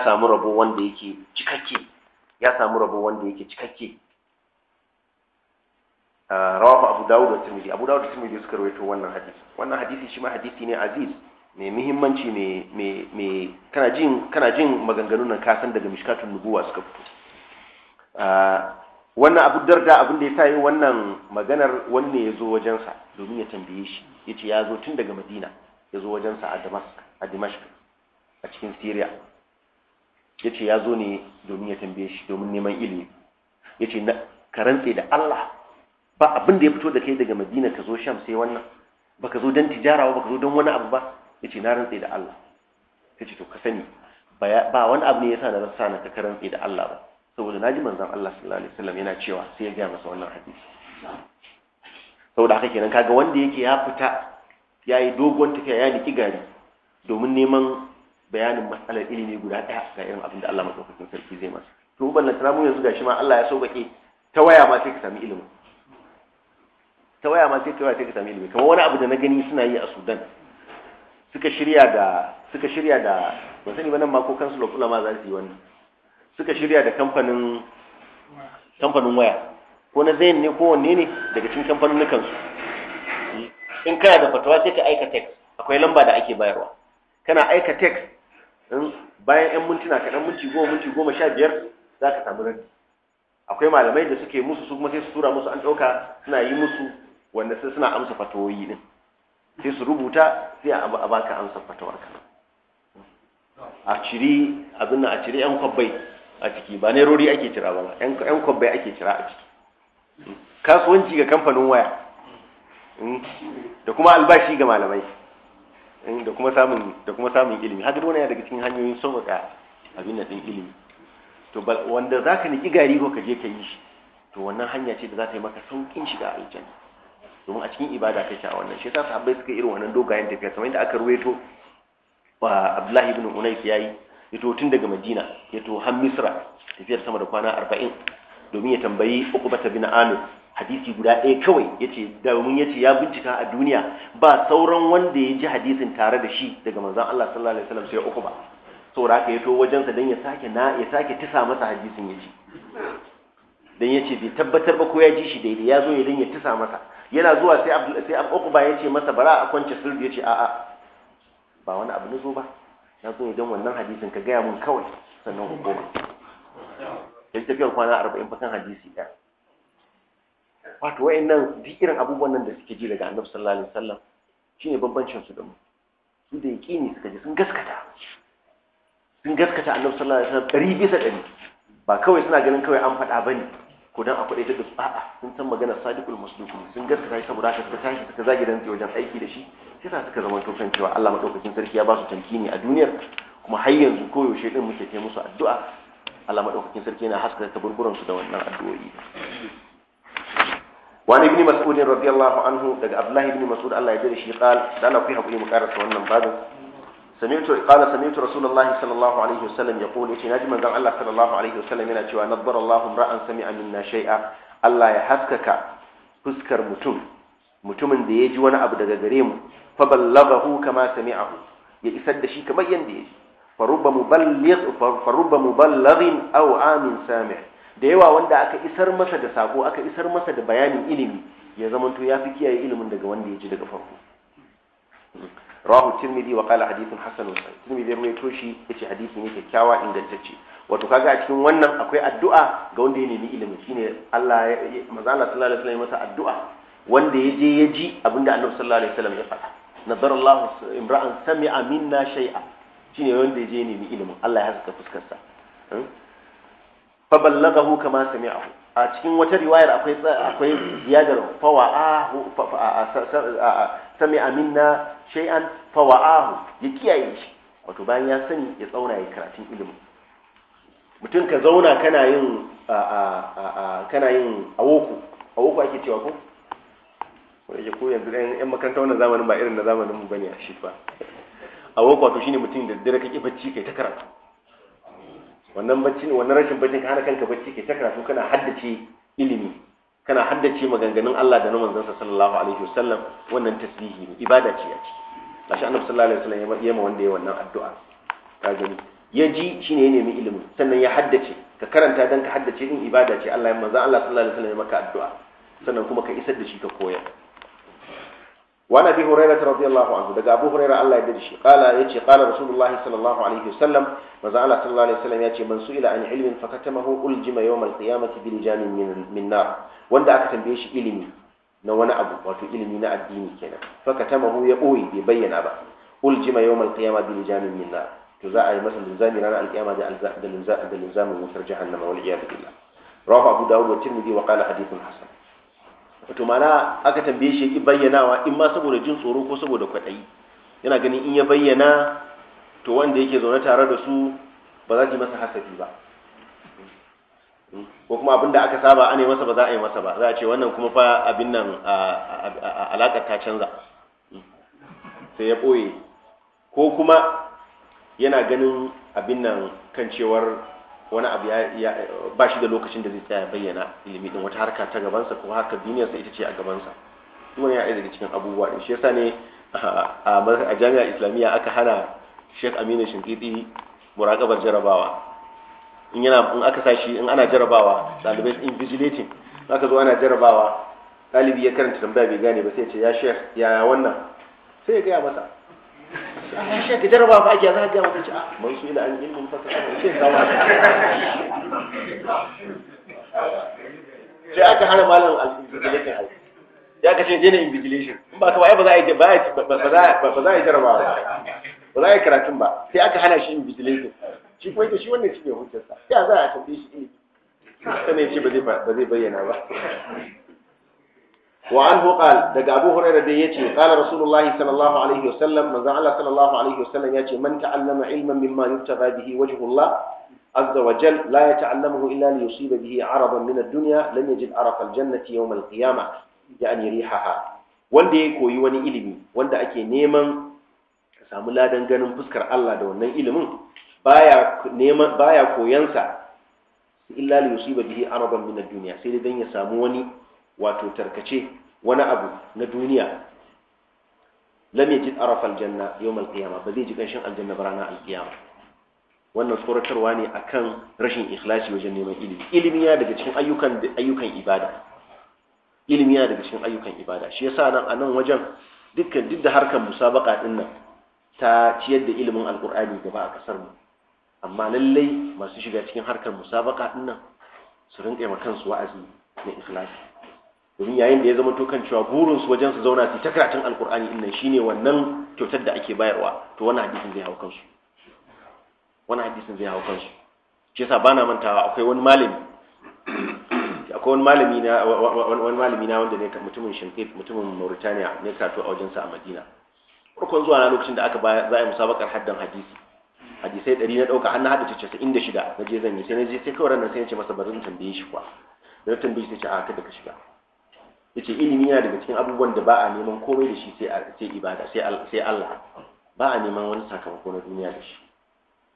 ya samu rabo wanda yake cikakke ya samu rabo wanda yake cikakke ah, rawahu abu dawud da tirmidhi abu dawud da tirmidhi suka rawaito wannan hadisi wannan hadisi shi ma hadisi ne aziz mai muhimmanci mai kana jin kana jin maganganun nan ka san daga mishkatun nubuwa suka fito ah, wannan abu darda abin da ya tayi wannan maganar wanne ya zo wajensa domin ya tambaye shi ya ce ya zo tun daga madina ya zo wajensa a damask a cikin syria ya ce ya zo ne domin ya tambaye shi domin neman ilimi ya ce ka rantse da Allah ba abin da ya fito da kai daga madina ka zo sham sai wannan ba ka zo don tijara ba ka zo don wani abu ba ya ce na rantse da Allah ya ce to ka sani ba wani abu ne ya sa da rasa na ka karantse da Allah ba saboda na ji manzan Allah sallallahu alaihi wasallam yana cewa sai ya gaya masa wannan hadisi saboda haka kenan kaga wanda yake ya fita ya yi dogon tafiya ya niki gari domin neman bayanin matsalar ilimi guda ɗaya ga irin abin da Allah madaukakin sarki zai masa to ban na mu yanzu gashi ma Allah ya sauƙaƙe ta waya ma sai ka sami ilimi ta waya ma sai ka sai ka sami ilimi kamar wani abu da na gani suna yi a Sudan suka shirya da suka shirya da ban sani ba nan ma ko kansu ma za su yi wannan suka shirya da kamfanin kamfanin waya ko na zayin ne ko wanne ne daga cikin kamfanin su in kana da fatawa sai ka aika text akwai lamba da ake bayarwa kana aika text bayan 'yan mintuna kaɗan minti goma minti goma sha biyar za ka samu rage akwai malamai da suke musu su kuma sai su tura musu an ɗauka suna yi musu wanda sai suna amsa fatawoyi ɗin sai su rubuta sai a baka amsa fatawar ka a ciri abin a ciri 'yan kwabbai a ciki ba ne rori ake cira ba 'yan kwabbai ake cira a ciki kasuwanci ga kamfanin waya mm, da kuma albashi ga malamai Eh, da kuma samun da kuma samun ilimi haka wannan daga cikin hanyoyin sauƙaƙa abin da din ilimi to wanda zaka niki gari ko ka je ka yi shi to wannan hanya ce da za ta yi maka sauƙin shiga aljanna domin a cikin ibada kake a wannan shi yasa sahabbai suka irin wannan dogayen tafiya kamar yadda aka ruwaito Abdullahi ibn Unais yayi ya to tun daga Madina ya to har Misra tafiyar sama da kwana 40 domin ya tambayi Uqba bin Amir hadisi guda ɗaya kawai ya ce domin ya ce ya bincika a duniya ba sauran wanda ya ji hadisin tare da shi daga manzan Allah sallallahu alaihi wasallam sai uku ba saboda haka ya to wajensa don ya sake na ya sake tisa masa hadisin ya ji dan ya ce bai tabbatar ba ko ya ji shi daidai ya zo ya dan ya tisa masa yana zuwa sai Abdul sai uku ba ya ce masa bara a kwance sirri ya ce a'a ba wani abu na zo ba na zo idan wannan hadisin ka gaya mun kawai sannan hukuma ya tafiyar kwana arba'in fasan hadisi ɗaya wato wayannan duk irin abubuwan nan da suke ji daga annabi sallallahu alaihi wasallam shine bambancin su da mu su da yaqini suka ji sun gaskata sun gaskata annabi sallallahu alaihi wasallam dari bisa dari ba kawai suna ganin kawai an faɗa bane ko dan akwai ta duk a'a sun san magana sadiqul muslimin sun gaskata shi saboda haka suka tashi suka zage dan wajen aiki da shi sai sa suka zama tokan cewa Allah madaukakin sarki ya ba su tankini a duniyar kuma har yanzu koyaushe din muke kai musu addu'a Allah madaukakin sarki yana haskaka kaburburan su da wannan addu'o'i wani ibn mas'ud radiyallahu anhu daga abdullahi ibn mas'ud Allah ya ji shi qal dan akwai hakuri mu karanta wannan babin sami'tu qala sami'tu rasulullahi sallallahu alaihi wasallam yaqul yace naji manzon Allah sallallahu alaihi wasallam yana cewa nabbara Allahu sami sami'a minna shay'a Allah ya haskaka fuskar mutum mutumin da ya ji wani abu daga gare mu fa ballaghahu kama sami'ahu ya isar da shi kamar yanda ya ji فرب مبلغ فرب مبلغ أو عام سامع da yawa wanda aka isar masa da sako aka isar masa da bayanin ilimi ya zamanto ya fi kiyaye ilimin daga wanda ya ji daga farko rahu tirmidhi wa qala hadithun hasanun tirmidhi ya toshi yace hadisi ne kyakkyawa ingantacce wato kaga a cikin wannan akwai addu'a ga wanda ya nemi ilimi shine Allah manzo Allah sallallahu alaihi wasallam masa addu'a wanda ya je ya ji abinda Allah sallallahu alaihi wasallam ya faɗa nazar Allah imra'an sami'a minna shay'a shine wanda ya je nemi ilimin Allah ya saka fuskar sa fa ballaghahu kama sami'ahu a cikin wata riwayar akwai akwai ziyadar fawa'ahu sami'a minna shay'an fawa'ahu ya kiyaye shi wato bayan ya sani ya tsauna ya karatun ilimi mutum ka zauna kana yin kana yin awoku awoku ake cewa ko wanda ke ko yanzu ɗan yan makaranta wannan zamanin ba irin na zamanin mu bane a shi ba awoku wato shine mutum da dare kake bacci kai ta karatu wannan bacci wannan rashin bacci ka hana kanka bacci ke ta karatu kana haddace ilimi kana haddace maganganun Allah da na manzansa sallallahu alaihi wasallam wannan tasbihi ne ibada ce a ciki gashi annabi sallallahu alaihi wasallam ya ma wanda ya wannan addu'a ka gani ya ji shine ya nemi ilimi sannan ya haddace ka karanta dan ka haddace din ibada ce Allah ya manzo Allah sallallahu alaihi wasallam ya maka addu'a sannan kuma ka isar da shi ka koyar wa nabi hurairah radiyallahu anhu daga abu hurairah Allah ya yarda shi qala yace qala rasulullahi sallallahu alaihi wasallam manzo Allah sallallahu alaihi wasallam yace man su'ila an ilmin fakatamahu uljima yawm alqiyamati bil jamin min min wanda aka tambaye shi ilimi na wani abu wato ilimi na addini kenan mahu ya boye bai bayyana ba uljima yawm alqiyamati bil jamin min nar to za a yi masa linzami ranar alkiyama da linzamin wutar jahannama wal iyad billah rawahu abu dawud wa tirmidhi wa qala hadithun hasan wato mana aka tambaye shi ki bayyanawa in ma saboda jin tsoro ko saboda kwaɗayi yana ganin in ya bayyana to wanda yake zaune tare da su ba za ki yi masa hasafi ba ko kuma abin da aka saba ana yi masa ba za a yi masa ba za a ce wannan kuma fa abin nan alaƙar ta canza sai ya ɓoye ko kuma yana ganin abin nan kan cewar wani abu ba shi da lokacin da zai tsaya bayyana ilimi din wata harka ta gabansa ko harka duniyarsa ita ce a gabansa duk ya daga cikin abubuwa din shi yasa ne a jami'ar islamiyya aka hana Sheikh Aminu Shinkiti muraqabar jarabawa in yana in aka sa shi in ana jarabawa dalibai in vigilating aka zo ana jarabawa dalibi ya karanta tambaya bai gane ba sai ya ce ya Sheikh yaya wannan sai ya gaya masa an shi ka jarraba ba ake za ka ga maka ce ah man su ila an ilmin fasa ana ce kawo sai aka hana malam alfijilin alfi ya ka ce je na invigilation in ba ka ba za a yi jarraba ba Ba za a yi karatun ba sai aka hana shi invigilation shi kuma ita shi wannan shi ne hujjarsa a za a tafi shi ilimi sannan ce ba zai bayyana ba wa anhu daga abu hurairah da yace qala rasulullah sallallahu alaihi wasallam manzo Allah sallallahu alaihi wasallam yace man ta'allama ilman mimma yubtaga bihi wajhullah azza wa jal la yata'allamahu illa li yusiba bihi 'aradan min ad-dunya lan yajid 'arafa al-jannati yawm al ya ya'ni rihaha wanda ya koyi wani ilimi wanda ake neman ka samu ladan ganin fuskar Allah da wannan ilimin baya neman baya koyansa illa li yusiba bihi 'aradan min ad sai dai dan ya samu wani wato tarkace wani abu na duniya lam yajid araf aljanna yawm alqiyama ba zai ji kanshin aljanna ba ranar alqiyama wannan tsoratarwa ne akan rashin ikhlasi wajen neman ilimi ilimi ya daga cikin ayyukan ayyukan ibada ilimi ya daga cikin ayyukan ibada shi yasa nan a nan wajen dukkan duk da harkar musabaka din nan ta ciyar da ilimin alqur'ani gaba a kasar mu amma lallai masu shiga cikin harkar musabaka din nan su rinƙa ma kansu wa'azi na ikhlasi domin yayin da ya zama kan cewa burinsu wajen su zauna su ta karatun alkur'ani din nan shine wannan kyautar da ake bayarwa to wannan hadisin zai hawo kansu wannan hadisin zai hawo kansu shi yasa bana mantawa akwai wani malami akwai wani malami na wani malami na wanda ne mutumin Shinkif mutumin Mauritania ne karatu a wajen sa a Madina farkon zuwa na lokacin da aka za a yi musabakar haddan hadisi hadisai ɗari na ɗauka har na haɗa casa'in da shida na je zan yi sai na je sai kawai ranar sai ya ce masa bari in tambaye shi kuwa da na tambaye shi ta ce a kada ka shiga yace ilimi yana daga cikin abubuwan da ba a neman komai da shi sai ibada sai Allah ba a neman wani sakamako na duniya da shi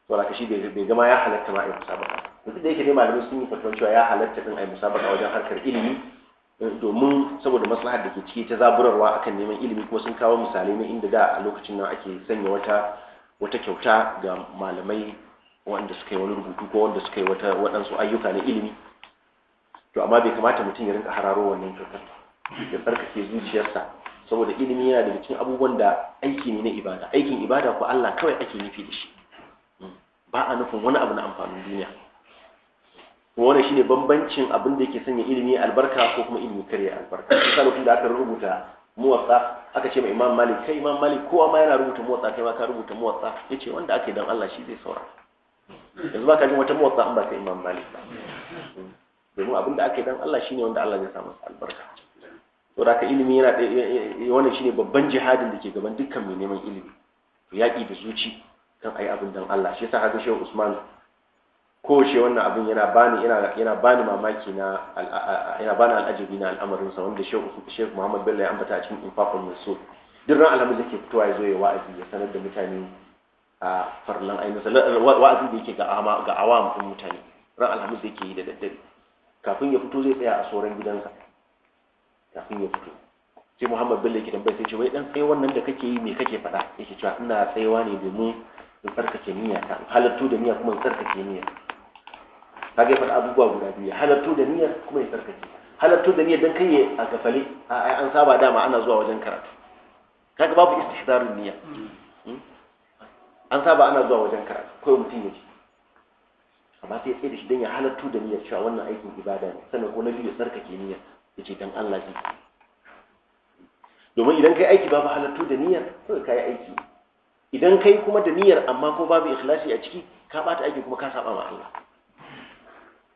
to la kashi bai gama ya halatta ma ai musabaka duk da yake dai malamai sun yi fatuwar cewa ya halatta din ai musabaka wajen harkar ilimi eh, domin saboda maslahar da ke ciki ta zaburarwa akan neman ilimi ko sun kawo misalai na inda da a lokacin nan ake sanya wata wata kyauta ga malamai wanda suka yi wani rubutu ko wanda suka yi waɗansu ayyuka na ilimi to amma bai kamata mutum ya rinka hararo wannan kyautar ba da farkake zuciyarsa saboda ilimi yana daga cikin abubuwan da aiki ne na ibada aikin ibada ko Allah kawai ake nufi da shi hmm. ba a nufin wani abu na amfanin duniya Kuma wannan shine bambancin abin da yake sanya ilimi albarka ko kuma ilimi karya albarka misali lokacin da aka rubuta muwatsa aka ce ma imam malik kai imam malik kowa ma yana rubuta muwatsa kai ma ka rubuta muwatsa yace wanda ake dan Allah shi zai saura yanzu ba ka ji wata muwatsa an ba ka imam malik ba hmm. domin abin da ake dan Allah shine wanda Allah zai sa masa albarka to da ilimi yana wannan shine babban jihadin da ke gaban dukkan mai neman ilimi to yaƙi da zuci kan ayi abin dan Allah shi yasa haka shehu Usman ko kowace wannan abin yana bani yana yana bani mamaki na yana bani al'ajabi na al'amarin sa wanda shehu Sheikh Muhammad Bello ya ambata a cikin infaqul musul duk ran alhamdu yake fitowa ya zo ya wa'azi ya sanar da mutane a farlan ayi wa'azi da yake ga ga awam din mutane ran alhamdu yake yi da daddare kafin ya fito zai tsaya a soran gidansa kafin ya fito sai muhammad bello ke tambayar sai ce wai dan tsaye wannan da kake yi me kake faɗa yake cewa ina tsayawa ne domin in tsarkake niyya ta halattu da niyya kuma in tsarkake niyya Ta ga faɗa abubuwa guda biyu halattu da niyya kuma ya tsarkake halattu da niyya dan kai a gafale a an saba dama ana zuwa wajen karatu kaga babu istihdarun niyya hmm? an saba ana zuwa wajen karatu kawai mutum ya ji amma sai ya tsaye da shi don ya halattu da niyyar cewa wannan aikin ibada ne sannan ko na biyu ya tsarkake niyyar yace dan Allah domin idan kai aiki babu halattu da niyyar sai kai aiki idan kai kuma da niyyar amma ko babu ikhlasi a ciki ka bata aiki kuma ka saba ma Allah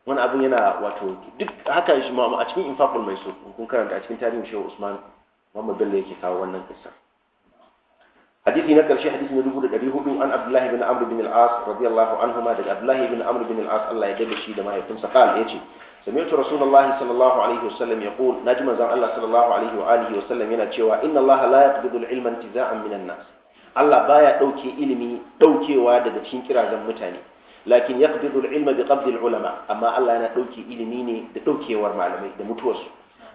wani abin yana wato duk haka shi ma a cikin infaqul mai so kun karanta a cikin tarihin Shehu Usman Muhammad Bello yake kawo wannan kissa حديثي نكر شيء حديث ندوب الذي هو عن عبد الله بن عمرو بن العاص رضي الله عنهما عبد الله بن عمرو بن العاص الله يجزيه شيء ما يكون قال يجي سمعت رسول الله صلى الله عليه وسلم يقول نجم زن الله صلى الله عليه وآله وسلم ينا cewa إن الله لا يقبض العلم انتزاعا Allah baya الله ilimi daukewa daga cikin kirazan mutane lakin yaqbidu al-ilma bi qabdi ulama amma Allah yana dauke ilimi ne da daukewar malamai da mutuwarsu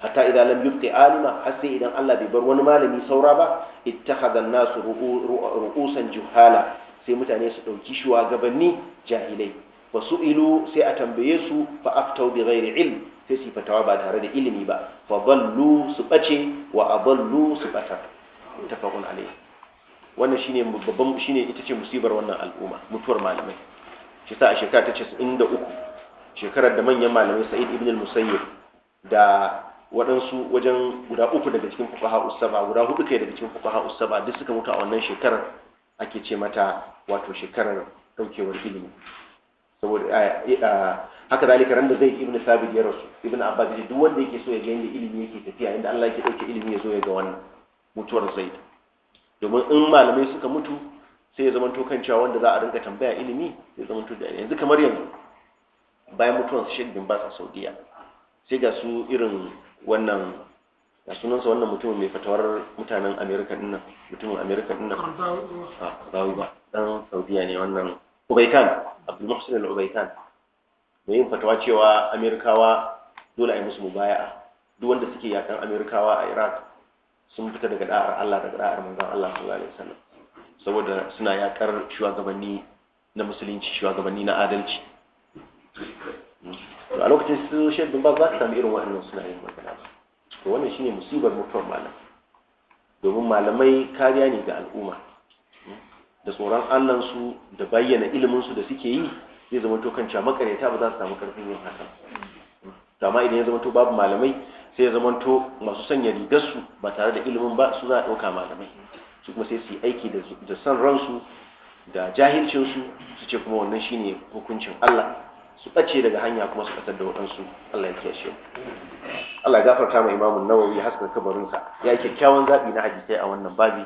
hata idan lam yubqi alima har sai idan Allah bai bar wani malami saura ba ittakhadha nasu ru'usan juhala sai mutane su dauki shugabanni jahilai wa su'ilu sai a tambaye su fa aftau bi ghairi ilm sai su fatawa ba tare da ilimi ba fa dallu su bace wa adallu su bata tafakun alai wannan shine babban shine ita ce musibar wannan al'umma mutuwar malamai shi sa a shekara ta 93 shekarar da manyan malamai Sa'id ibn al-Musayyib da waɗansu wajen guda uku daga cikin fuqaha usaba guda hudu kai daga cikin fuqaha usaba duk suka mutu a wannan shekarar ake ce mata wato shekarar daukewar ilimi saboda eh, eh, eh, haka dalika ran da zai ibn sabit ya rasu ibn abbas ji duk wanda yake so ya ga ilimi yake tafiya inda Allah yake dauke ilimi ya zo ya ga wannan mutuwar zaid domin in malamai suka mutu sai ya zamanto kan cewa wanda za a rinka tambaya ilimi ya zamanto da yanzu kamar yanzu bayan mutuwar Sheikh bin ba sa Saudiya sai ga su irin wannan ga sunansa wannan mutumin mai fatawar mutanen America dinnan mutumin America dinnan ah, ba dan Saudiya ne wannan ubaitan abdul muhsin al-ubaitan mai yin fatawa cewa amerikawa dole a yi musu mubaya'a duk wanda suke yakan amerikawa a iraq sun fita daga da'ar allah daga da'ar manzon allah sallallahu alaihi wasallam saboda suna yakar shugabanni na musulunci shugabanni na adalci a lokacin su shaidun ba za su sami irin waɗannan suna yin magana ba to wannan shine musibar mutuwar malam domin malamai kariya ne ga al'umma da tsoron allansu da bayyana iliminsu da suke yi zai zama to kan makareta ba za su samu karfin yin haka to amma idan ya zama to babu malamai sai ya zama to masu sanya rigarsu ba tare da ilimin ba su za a ɗauka malamai su kuma sai su yi aiki da san ransu da jahilcinsu su ce kuma wannan shine hukuncin Allah su ɓace daga hanya kuma su ɓatar da waɗansu Allah ya kiyashe Allah ya gafarta ma imamun nawawi haskar kabarinsa ya yi kyakkyawan zaɓi na hadisai a wannan babi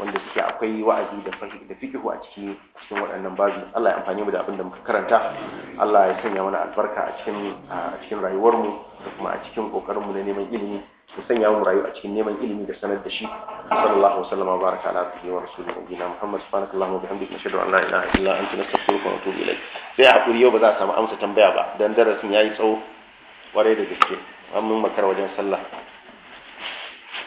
wanda suke akwai wa'azi da fahimta da fikihu a cikin cikin waɗannan babu Allah ya amfani mu da abin da muka karanta Allah ya sanya mana albarka a cikin a cikin rayuwar mu da kuma a cikin kokarin mu na neman ilimi ya sanya mu rayu a cikin neman ilimi da sanar da shi sallallahu alaihi wasallam baraka ala abdihi wa rasulina nabiyina muhammad subhanallahi wa bihamdihi nashhadu an la ilaha illa anta nastaghfiruka wa natubu ilayk sai a kuri yau ba za a samu amsa tambaya ba dan darasin yayi tsawo kwarai da gaske an mun makar wajen sallah